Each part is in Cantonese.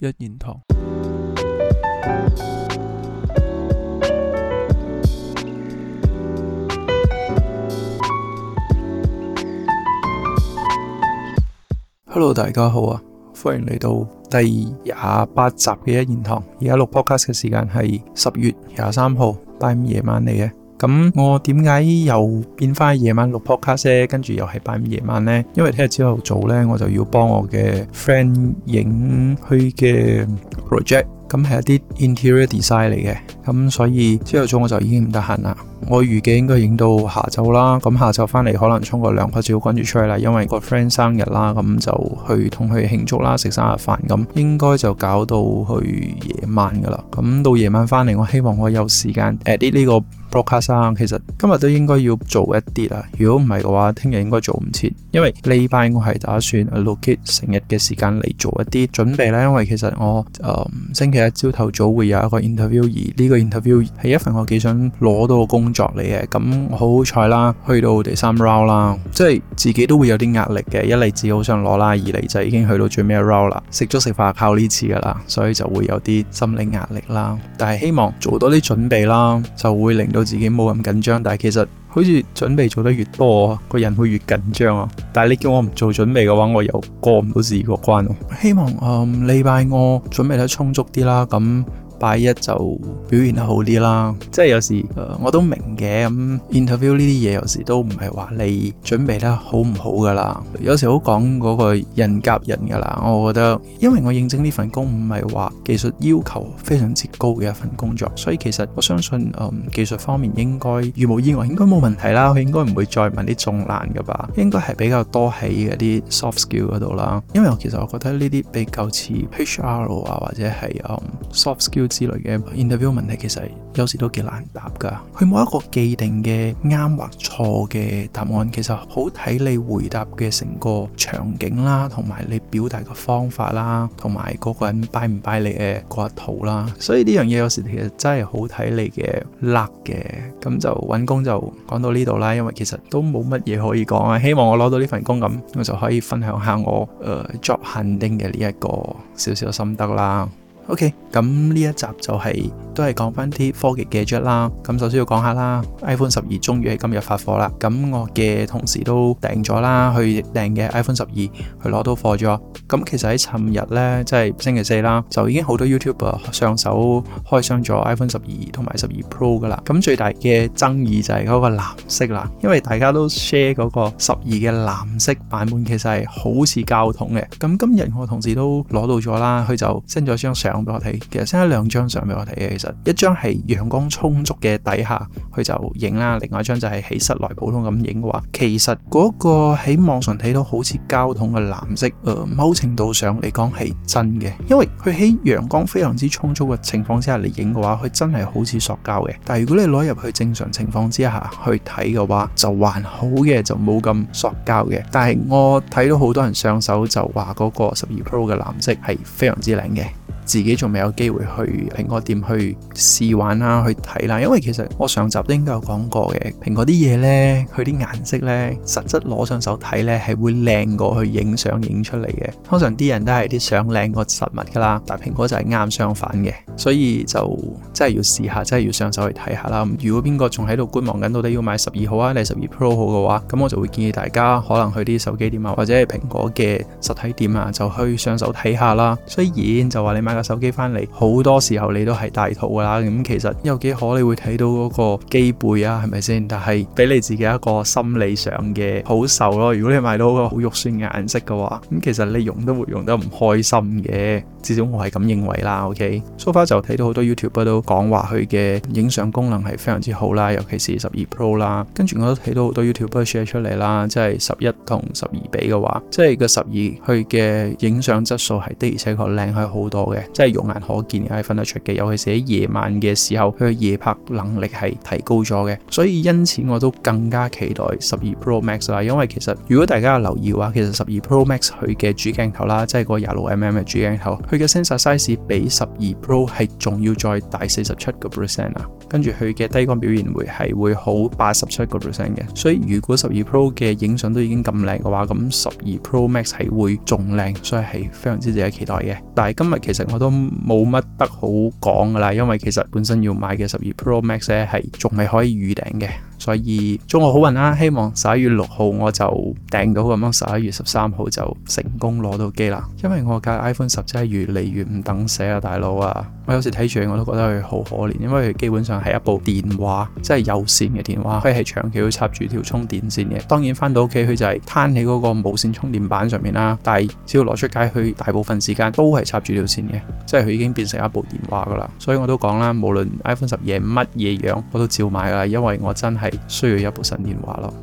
一言堂。Hello，大家好啊！歡迎嚟到第二十八集嘅一言堂。而家錄 podcast 嘅時間係十月廿三號拜五夜晚嚟嘅。咁我點解又變翻夜晚錄 podcast 啫？跟住又係拜五夜晚呢？因為聽日朝頭早咧我就要幫我嘅 friend 影佢嘅 project，咁係一啲 interior design 嚟嘅，咁所以朝頭早我就已經唔得閒啦。我預計應該影到下晝啦，咁下晝翻嚟可能沖個涼拍照跟住出去啦，因為個 friend 生日啦，咁就去同佢慶祝啦，食生日飯，咁應該就搞到去夜晚噶啦。咁到夜晚翻嚟，我希望我有時間 edit 呢個 podcast 啦，其實今日都應該要做一啲啦。如果唔係嘅話，聽日應該做唔切，因為禮拜我係打算 allocate 成日嘅時間嚟做一啲準備咧，因為其實我、呃、星期一朝頭早會有一個 interview，而呢個 interview 係一份我幾想攞到嘅工。工作嚟嘅咁，好好彩啦，去到第三 round 啦，即係自己都會有啲壓力嘅，一嚟自己好想攞啦，二嚟就已經去到最尾一 round 啦，食粥食飯靠呢次噶啦，所以就會有啲心理壓力啦。但係希望做多啲準備啦，就會令到自己冇咁緊張。但係其實好似準備做得越多，個人會越緊張啊。但係你叫我唔做準備嘅話，我又過唔到自己個關。希望嗯呢排我準備得充足啲啦，咁。拜一就表現得好啲啦，即係有時、呃，我都明嘅。咁、嗯、interview 呢啲嘢有時都唔係話你準備得好唔好噶啦，有時好講個人夾人噶啦。我覺得，因為我應徵呢份工唔係話技術要求非常之高嘅一份工作，所以其實我相信，嗯，技術方面應該如無意外應該冇問題啦。佢應該唔會再問啲仲難噶吧，應該係比較多喺啲 soft skill 度啦。因為我其實我覺得呢啲比較似 HR 啊或者係嗯 soft skill。之類嘅 interview 問題，其實有時都幾難答噶，佢冇一個既定嘅啱或錯嘅答案，其實好睇你回答嘅成個場景啦，同埋你表達嘅方法啦，同埋嗰個人 buy 唔 buy 你嘅嗰一套啦，所以呢樣嘢有時其實真係好睇你嘅 luck 嘅。咁就揾工就講到呢度啦，因為其實都冇乜嘢可以講啊，希望我攞到呢份工咁，我就可以分享下我誒、呃、job hunting 嘅呢一個少少心得啦。OK，咁呢一集就係、是、都係講翻啲科技嘅嘢啦。咁首先要講下啦，iPhone 十二終於喺今日發貨啦。咁我嘅同事都訂咗啦，去訂嘅 iPhone 十二去攞到貨咗。咁其實喺尋日呢，即係星期四啦，就已經好多 YouTuber 上手開箱咗 iPhone 十二同埋十二 Pro 噶啦。咁最大嘅爭議就係嗰個藍色啦，因為大家都 share 嗰個十二嘅藍色版本其實係好似膠桶嘅。咁今日我同事都攞到咗啦，佢就 send 咗張相。俾我睇，其實先係兩張相俾我睇嘅。其實一張係陽光充足嘅底下，佢就影啦，另外一張就係喺室內普通咁影嘅話，其實嗰個喺網上睇到好似膠桶嘅藍色，誒、呃，某程度上嚟講係真嘅，因為佢喺陽光非常之充足嘅情況之下嚟影嘅話，佢真係好似塑膠嘅。但係如果你攞入去正常情況之下去睇嘅話，就還好嘅，就冇咁塑膠嘅。但係我睇到好多人上手就話嗰個十二 Pro 嘅藍色係非常之靚嘅。自己仲未有機會去蘋果店去試玩啦，去睇啦，因為其實我上集都應該有講過嘅，蘋果啲嘢咧，佢啲顏色咧，實質攞上手睇咧係會靚過佢影相影出嚟嘅。通常啲人都係啲相靚過實物噶啦，但蘋果就係啱相反嘅，所以就真係要試下，真係要上手去睇下啦。如果邊個仲喺度觀望緊到底要買十二號啊，定係十二 Pro 好嘅話，咁我就會建議大家可能去啲手機店啊，或者係蘋果嘅實體店啊，就去上手睇下啦。雖然就話你買。手機翻嚟，好多時候你都係帶套㗎啦。咁、嗯、其實有幾可你會睇到嗰個機背啊，係咪先？但係俾你自己一個心理上嘅好受咯。如果你買到個好肉酸嘅顏色嘅話，咁、嗯、其實你用都會用得唔開心嘅。至少我係咁認為啦。OK，So far 就睇到好多 YouTube 都講話佢嘅影相功能係非常之好啦，尤其是十二 Pro 啦。跟住我都睇到好多 YouTube share 出嚟啦，即係十一同十二比嘅話，即係個十二佢嘅影相質素係的而且確靚開好多嘅。即係肉眼可見嘅，係分得出嘅。尤其是喺夜晚嘅時候，佢嘅夜拍能力係提高咗嘅。所以因此，我都更加期待十二 Pro Max 啦。因為其實如果大家有留意嘅話，其實十二 Pro Max 佢嘅主鏡頭啦，即係個廿六 mm 嘅主鏡頭，佢嘅 sensor size 比十二 Pro 係仲要再大四十七個 percent 啊。跟住佢嘅低光表現會係會好八十七個 percent 嘅。所以如果十二 Pro 嘅影相都已經咁靚嘅話，咁十二 Pro Max 係會仲靚，所以係非常之值得期待嘅。但係今日其實我。我都冇乜得好講㗎啦，因為其實本身要買嘅十二 Pro Max 咧，係仲係可以預訂嘅。所以祝我好運啦、啊！希望十一月六號我就訂到咁樣，十一月十三號就成功攞到機啦。因為我架 iPhone 十真係越嚟越唔等死啊，大佬啊！我有時睇住佢我都覺得佢好可憐，因為佢基本上係一部電話，即係有線嘅電話，佢係長期要插住條充電線嘅。當然翻到屋企佢就係攤喺嗰個無線充電板上面啦，但係只要攞出街去，大部分時間都係插住條線嘅，即係佢已經變成一部電話噶啦。所以我都講啦，無論 iPhone 十二乜嘢樣我都照買啦，因為我真係。需要一部新電話咯。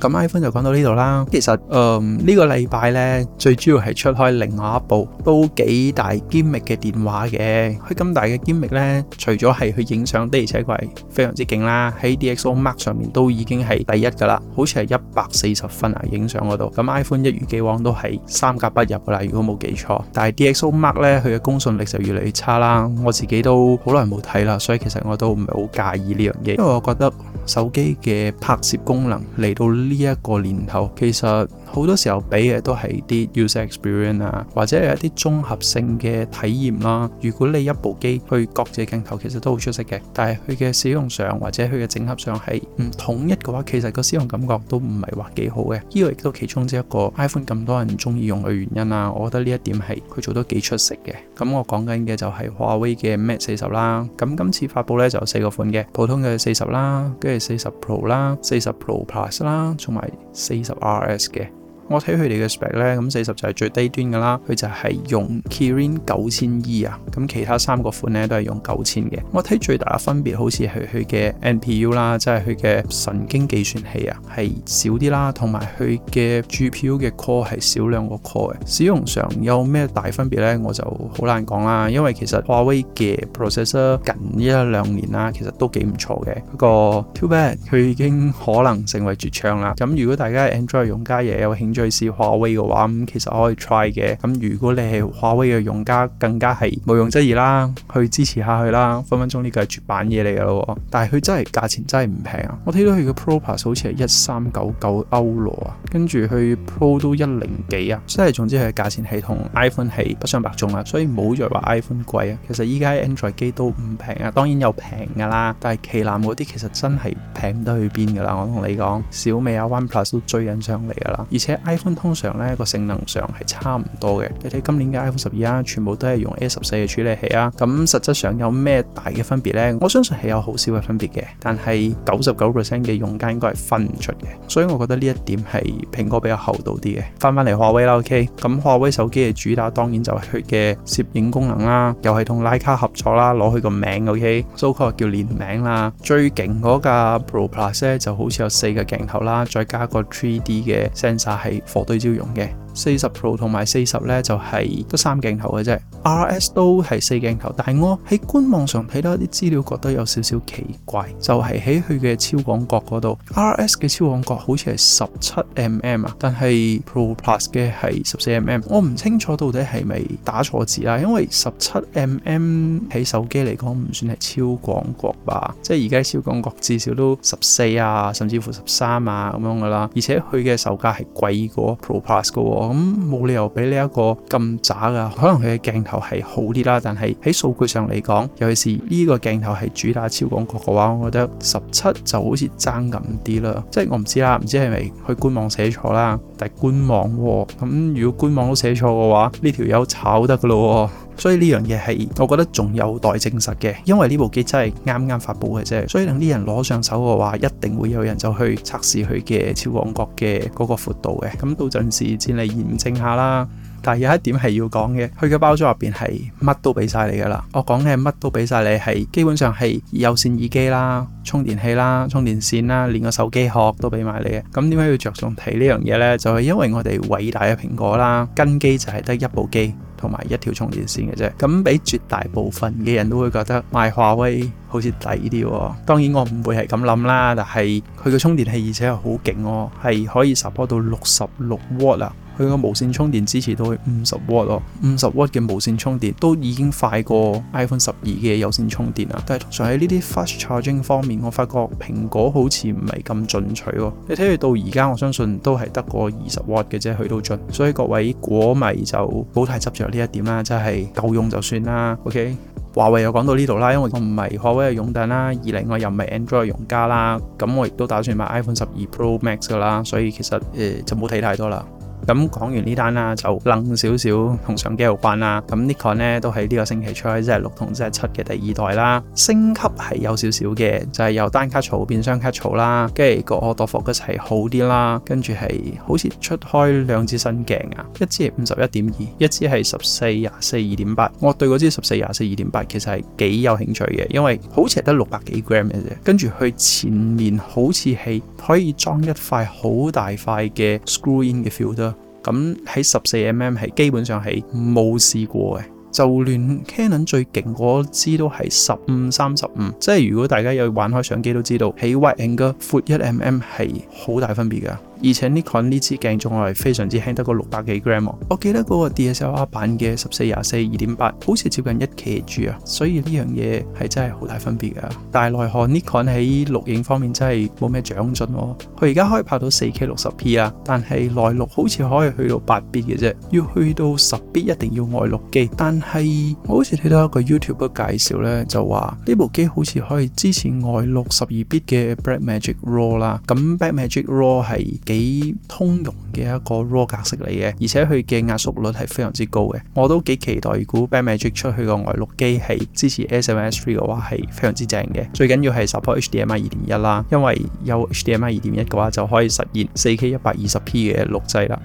咁 iPhone 就講到呢度啦。其實誒，呢、嗯呢個禮拜咧，最主要係出開另外一部都幾大兼密嘅電話嘅。佢咁大嘅兼密呢，除咗係去影相，而且佢係非常之勁啦、啊。喺 DXO Mark 上面都已經係第一噶啦，好似係一百四十分啊，影相嗰度。咁 iPhone 一如既往都係三甲不入啦，如果冇記錯。但係 DXO Mark 咧，佢嘅公信力就越嚟越差啦。我自己都好耐冇睇啦，所以其實我都唔係好介意呢樣嘢，因為我覺得。手機嘅拍攝功能嚟到呢一個年頭，其實～好多時候俾嘅都係啲 user experience 啊，或者係一啲綜合性嘅體驗啦、啊。如果你一部機佢各自鏡頭其實都好出色嘅，但係佢嘅使用上或者佢嘅整合上係唔統一嘅話，其實個使用感覺都唔係話幾好嘅。呢、這個亦都其中之一個 iPhone 咁多人中意用嘅原因啦、啊。我覺得呢一點係佢做得幾出色嘅。咁我講緊嘅就係華為嘅 Mate 四十啦。咁今次發布呢就有四個款嘅，普通嘅四十啦，跟住四十 Pro 啦，四十 Pro Plus 啦，同埋四十 RS 嘅。我睇佢哋嘅 spec 咧，咁四十就係最低端噶啦，佢就係用 Kirin 九千 E 啊，咁其他三個款咧都係用九千嘅。我睇最大嘅分別好似係佢嘅 NPU 啦，即係佢嘅神經計算器啊，係少啲啦，同埋佢嘅 GPU 嘅 core 係少兩個 core 嘅。使用上有咩大分別咧？我就好難講啦，因為其實華為嘅 processor 近一兩年啦，其實都幾唔錯嘅。不過 too bad 佢已經可能成為絕唱啦。咁如果大家 Android 用家嘢有興趣，最是華為嘅話，咁其實我可以 try 嘅。咁如果你係華為嘅用家，更加係毋庸置疑啦，去支持下去啦。分分鐘呢個係絕版嘢嚟嘅咯。但係佢真係價錢真係唔平啊！我睇到佢嘅 Pro Plus 好似係一三九九歐羅啊，跟住佢 Pro 都一零幾啊，真係總之係價錢係同 iPhone 係不相伯仲啦。所以唔好再話 iPhone 貴啊。其實依家 Android 機都唔平啊，當然有平噶啦，但係旗艦嗰啲其實真係平得去邊噶啦。我同你講，小米啊 One Plus 都追緊上嚟噶啦，而且。iPhone 通常咧個性能上係差唔多嘅，你睇今年嘅 iPhone 十二、啊、啦，全部都係用 A 十四嘅處理器啊。咁實質上有咩大嘅分別呢？我相信係有好少嘅分別嘅，但係九十九 percent 嘅用家應該係分唔出嘅。所以我覺得呢一點係蘋果比較厚道啲嘅。翻返嚟華為啦，O K。咁、okay? 華為手機嘅主打當然就係佢嘅攝影功能啦、啊，又係同徠卡合作啦、啊，攞佢個名，O K。Okay? so called 叫聯名啦。最勁嗰架 Pro Plus 咧，就好似有四個鏡頭啦，再加個 3D 嘅 sensor 係火對焦用嘅，四十 Pro 同埋四十呢，就係得三鏡頭嘅啫，RS 都係四鏡頭，但係我喺官網上睇到啲資料，覺得有少少奇怪，就係喺佢嘅超廣角嗰度，RS 嘅超廣角好似係十七 mm 啊，但係 Pro Plus 嘅係十四 mm，我唔清楚到底係咪打錯字啦，因為十七 mm 喺手機嚟講唔算係超廣角吧，即係而家超廣角至少都十四啊，甚至乎十三啊咁樣噶啦，而且佢嘅售價係貴過 Pro Plus 嘅喎。咁冇理由俾呢一個咁渣噶，可能佢嘅鏡頭係好啲啦，但係喺數據上嚟講，尤其是呢個鏡頭係主打超廣角嘅話，我覺得十七就好似爭咁啲啦。即係我唔知啦，唔知係咪去官網寫錯啦，但係官網喎。咁如果官網都寫錯嘅話，呢條友炒得噶咯。所以呢樣嘢係，我覺得仲有待證實嘅，因為呢部機真係啱啱發布嘅啫。所以等啲人攞上手嘅話，一定會有人就去測試佢嘅超廣角嘅嗰個闊度嘅。咁到陣時先嚟驗證下啦。但係有一點係要講嘅，佢嘅包裝入邊係乜都俾晒你㗎喇。我講嘅乜都俾晒你，係基本上係有線耳機啦、充電器啦、充電線啦，連個手機殼都俾埋你嘅。咁點解要着重睇呢樣嘢呢？就係、是、因為我哋偉大嘅蘋果啦，跟機就係得一部機。同埋一條充電線嘅啫，咁俾絕大部分嘅人都會覺得賣華為好似抵啲喎。當然我唔會係咁諗啦，但係佢嘅充電器而且係好勁喎，係可以 support 到六十六瓦啦。佢個無線充電支持到去五十 w 瓦咯，五十 w 瓦嘅無線充電都已經快過 iPhone 十二嘅有線充電啦。但係通常喺呢啲 fast charging 方面，我發覺蘋果好似唔係咁進取喎。你睇佢到而家，我相信都係得個二十 w 瓦嘅啫，去到盡。所以各位果迷就唔好太執着呢一點啦，真係夠用就算啦。OK，華為又講到呢度啦，因為我唔係華為嘅擁躉啦，二嚟我又唔係 Android 嘅用家啦，咁我亦都打算買 iPhone 十二 Pro Max 噶啦，所以其實誒、呃、就冇睇太多啦。咁講完呢單啦，就冷少少同相機有關啦。咁 Nikon 咧都喺呢個星期出開 Z6 同 Z7 嘅第二代啦，升級係有少少嘅，就係、是、由單卡槽變雙卡槽啦，跟住個 Autofocus 係好啲啦，跟住係好似出開兩支新鏡啊，一支係五十一點二，一支係十四廿四二點八。我對嗰支十四廿四二點八其實係幾有興趣嘅，因為好似係得六百幾 gram 嘅啫，跟住佢前面好似係可以裝一塊好大塊嘅 Screw In 嘅 filter。咁喺十四 mm 係基本上係冇試過嘅，就連 Canon 最勁嗰支都係十五三十五，即係如果大家有玩開相機都知道，喺 wide angle 闊一 mm 係好大分別㗎。而且 Nikon 呢支鏡仲係非常之輕，得個六百幾 gram 喎。我記得嗰個 DSLR 版嘅十四廿四二點八，好似接近一 KG 啊。所以呢樣嘢係真係好大分別噶。但係奈何 Nikon 喺錄影方面真係冇咩長進咯。佢而家可以拍到四 K 六十 p 啊，但係內錄好似可以去到八 bit 嘅啫，要去到十 bit 一定要外錄機。但係我好似睇到一個 YouTube 介紹呢，就話呢部機好似可以支持外錄十二 bit 嘅 Blackmagic Raw 啦。咁 Blackmagic Raw 係幾通用嘅一個 RAW 格式嚟嘅，而且佢嘅壓縮率係非常之高嘅，我都幾期待如果 Blackmagic 出去個外錄機係支持 s m s Three 嘅話，係非常之正嘅。最緊要係 support HDMI 二點一啦，因為有 HDMI 二點一嘅話，就可以實現四 K 一百二十 P 嘅錄製啦。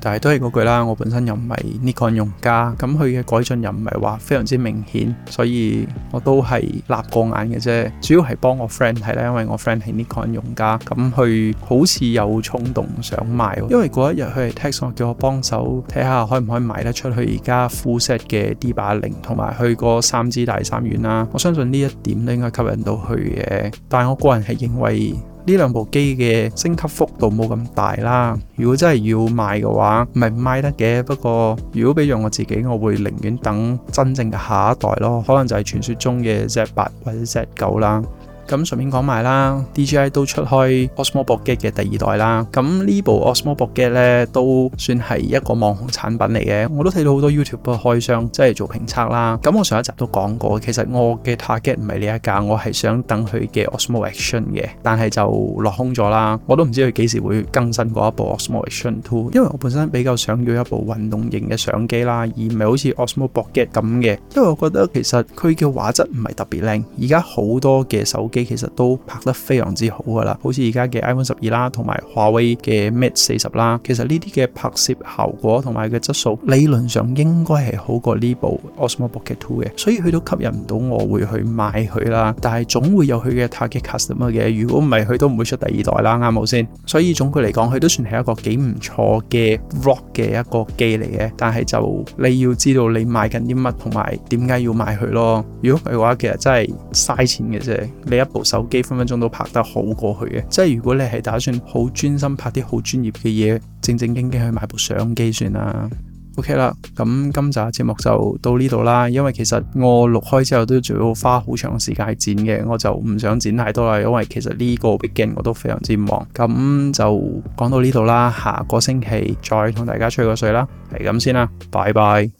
但係都係嗰句啦，我本身又唔係 Nikon 用家，咁佢嘅改進又唔係話非常之明顯，所以我都係立過眼嘅啫。主要係幫我 friend 睇啦，因為我 friend 係 Nikon 用家，咁佢好似有衝動想賣，因為嗰一日佢係 text 我叫我幫手睇下可唔可以賣得出去，而家 full set 嘅 D80 同埋去個三支大三元啦。我相信呢一點都應該吸引到佢嘅，但係我個人係認為。呢兩部機嘅升級幅度冇咁大啦。如果真係要賣嘅話，唔係唔賣得嘅。不過如果俾我自己，我會寧願等真正嘅下一代咯。可能就係傳說中嘅 Z8 或者 Z9 啦。咁順便講埋啦，DJI 都出開 Osmo 泊機嘅第二代啦。咁呢部 Osmo 泊機咧都算係一個網紅產品嚟嘅，我都睇到好多 YouTube 開箱即係做評測啦。咁我上一集都講過，其實我嘅 target 唔係呢一架，我係想等佢嘅 Osmo Action 嘅，但係就落空咗啦。我都唔知佢幾時會更新嗰一部 Osmo Action Two，因為我本身比較想要一部運動型嘅相機啦，而唔係好似 Osmo 泊機咁嘅，因為我覺得其實佢嘅畫質唔係特別靚，而家好多嘅手機。其實都拍得非常之好噶啦，好似而家嘅 iPhone 十二啦，同埋華為嘅 Mate 四十啦，其實呢啲嘅拍攝效果同埋嘅質素理論上應該係好過呢部 Osmo Pocket Two 嘅，所以佢都吸引唔到我會去買佢啦。但係總會有佢嘅 target customer 嘅，如果唔係佢都唔會出第二代啦，啱冇先。所以總括嚟講，佢都算係一個幾唔錯嘅 rock 嘅一個機嚟嘅。但係就你要知道你買緊啲乜，同埋點解要買佢咯。如果唔係嘅話，其實真係嘥錢嘅啫，你部手機分分鐘都拍得好過去嘅，即係如果你係打算好專心拍啲好專業嘅嘢，正正經經去買部相機算啦。OK 啦，咁今集節目就到呢度啦。因為其實我錄開之後都仲要花好長時間剪嘅，我就唔想剪太多啦。因為其實呢個 weekend 我都非常之忙，咁就講到呢度啦。下個星期再同大家吹個水啦，係咁先啦，拜拜。